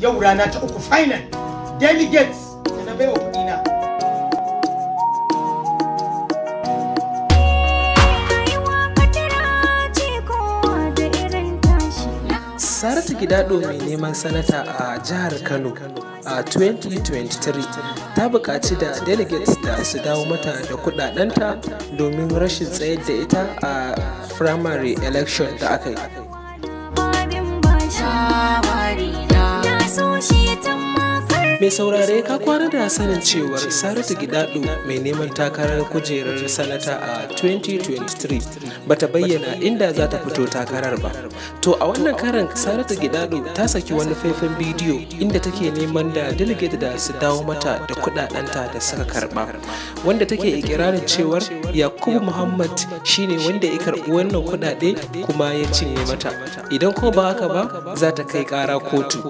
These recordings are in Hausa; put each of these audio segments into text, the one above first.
yau rana ta uku final delegates da na baiwa na. saratu gidado mai neman sanata a jihar kano a 2023 ta buƙaci da delegates da su dawo mata da kudadanta domin rashin tsayar da ita a primary election da aka yi mai saurare ka kwana da sanin cewar saratu gidado mai neman takarar kujerar sanata a 2023 bata bayyana inda za ta fito takarar ba to a wannan karan saratu gidado ta saki wani faifan bidiyo inda take neman da delegate da su dawo mata da kudadanta da suka karba wanda take ikirarin cewar yakubu muhammad shine wanda ya karbi wannan kudade kuma ya cinye mata idan ko ba haka ba za ta kai kara kotu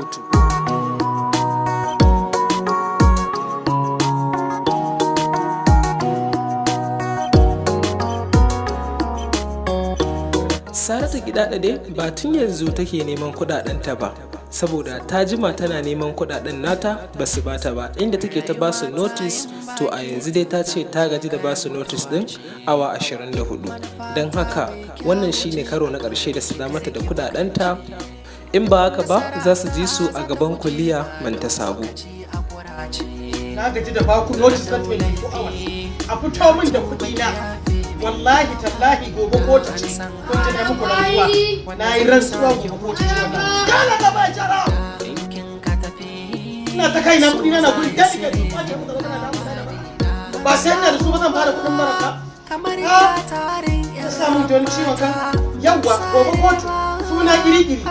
saratu gidada dai ba tun yanzu take neman ta ba saboda ta jima tana neman kudaden nata ba su bata ba inda take ta basu notice to a yanzu dai ta ce ta gaji da basu notice din awa 24 don haka wannan shine karo na karshe da su mata da kudadenta in ba haka ba za su ji su a gaban kuliya man ta na gaji da baku notice 24 hours a fito min da kudi na wallahi tallahi gobe ko ta ce ko ta nemi ku rantsuwa na yi rantsuwa gobe ko ta ce wallahi kala da bai jara ina ta kai na kuɗi na na kuɗi da ke ba ce muka zama na damu ba sai ina da su ba zan fara kuɗin maraka kamar ah, ya tarin ya samu don ciwon kan yawwa gobe kotu suna girigiri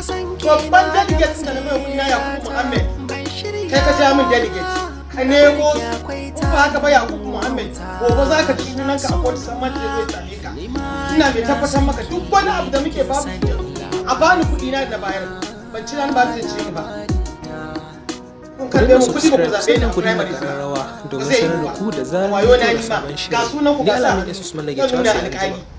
babban delegate da na mai kuɗi na yakubu muhammad kai ka ja min delegate ka nemo ko ba haka ba yakubu muhammad gobe za ka ci nan ka a kotu san mata zai tsare ka ina mai tabbatar maka duk wani abu da muke babu a bani kuɗi na da bayar ban ci nan ba zai ci ni ba karbe mu kudi ku zaɓe ni kuɗi na kan rawa domin sanar da wayo na ni ma ga sunan ku kasa ya nuna alƙali